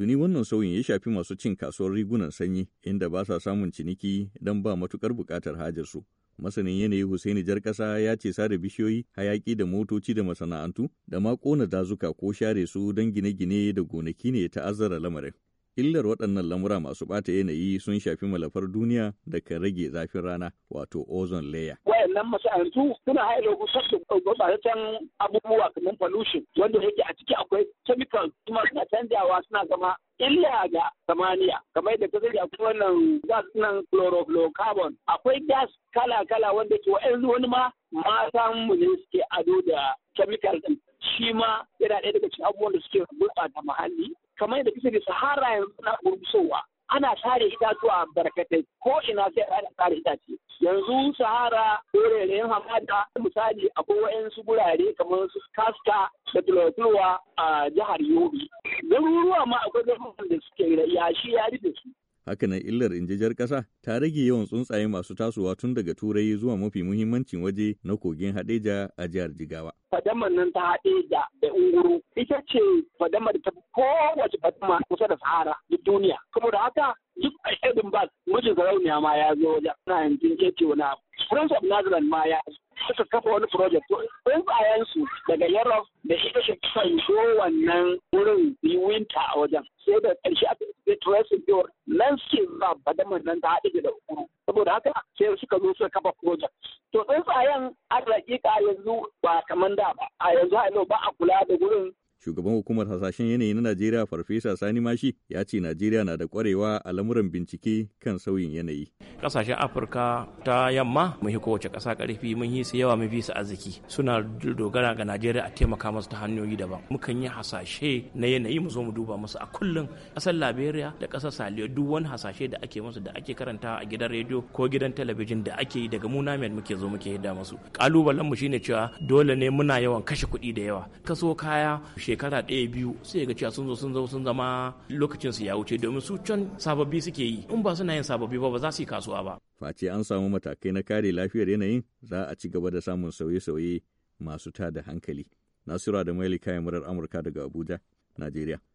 Tuni wannan sauyin ya shafi masu cin kasuwar rigunan sanyi inda ba sa samun ciniki don ba matukar bukatar hajarsu. Masanin yanayi Husaini Jarkasa ya ce sare bishiyoyi, hayaki da motoci da masana'antu da ma kona dazuka ko share su don gine-gine da gonaki ne ta'azzara lamarin. illar waɗannan lamura masu ɓata yanayi sun shafi malafar duniya da kan rage zafin rana wato ozone layer. Wayannan masana'antu suna haɗa gusassun abubuwa kamar pollution wanda yake a ciki akwai chemical canjawa suna zama illa ga samaniya kamar da kasar a akwai wannan gas nan chlorofluorocarbon akwai gas kala-kala wanda ke wa'in wani ma matan mu ne suke ado da chemical din shi ma yana ɗaya daga cikin abubuwan da suke gurɓata muhalli kamar yadda kasar da sahara yanzu na gurgusowa ana sare itatuwa barkatai ko ina sai ana sare itace yanzu sahara ɗorerayen hamada misali akwai waɗansu gurare kamar su kaska da tulotuwa a jihar yobe garuruwa ma akwai garuruwan da suke yashi ya da su hakanan illar injijar ƙasa ta rage yawan tsuntsaye masu tasowa tun daga turai zuwa mafi muhimmancin waje na kogin hadeja a jihar jigawa fadamar nan ta haɗe da unguru ita ce fadamar ta kowace fadama kusa da sahara duk duniya kuma da haka duk a edinburgh mijin sarauniya ma ya zo wajen na yanzu ke ce wani abu prince of nazareth ma ya suka kafa wani project to tsuntsayen su daga yarof da shi da shafan wannan wurin yi winter a wajen sai da ƙarshe a yi tracing door nan suke ba badamar nan ta haɗe da ukuru saboda haka sai suka zo suka kafa project to tsuntsayen an raƙiƙa yanzu ba kamar da ba a yanzu a ba a kula shugaban hukumar hasashen yanayi na Najeriya Farfesa Sani Mashi ya ce Najeriya na da kwarewa a lamuran bincike kan sauyin yanayi. Kasashen Afirka ta yamma mun yi kowace kasa karfi mun yi su yawa mun fi su arziki suna dogara ga Najeriya a taimaka musu ta hanyoyi daban. Mukan yi hasashe na yanayi mu zo mu duba musu a kullum ƙasar Liberia da ƙasar Saliyo duk wani hasashe da ake musu da ake karanta a gidan rediyo ko gidan talabijin da ake yi daga mu muke zo muke hidda musu. kalubalen mu shine cewa dole ne muna yawan kashe kuɗi da yawa. Kaso kaya shekara shekara ɗaya biyu sai ga cewa sun zo sun zo sun zama lokacin su ya wuce domin su can sababbi suke yi in ba suna yin sababbi ba ba za su yi kasuwa ba. Face an samu matakai na kare lafiyar yanayin za a ci gaba da samun sauye-sauye masu tada hankali. nasiru da ya kayan murar Amurka daga Abuja, Najeriya.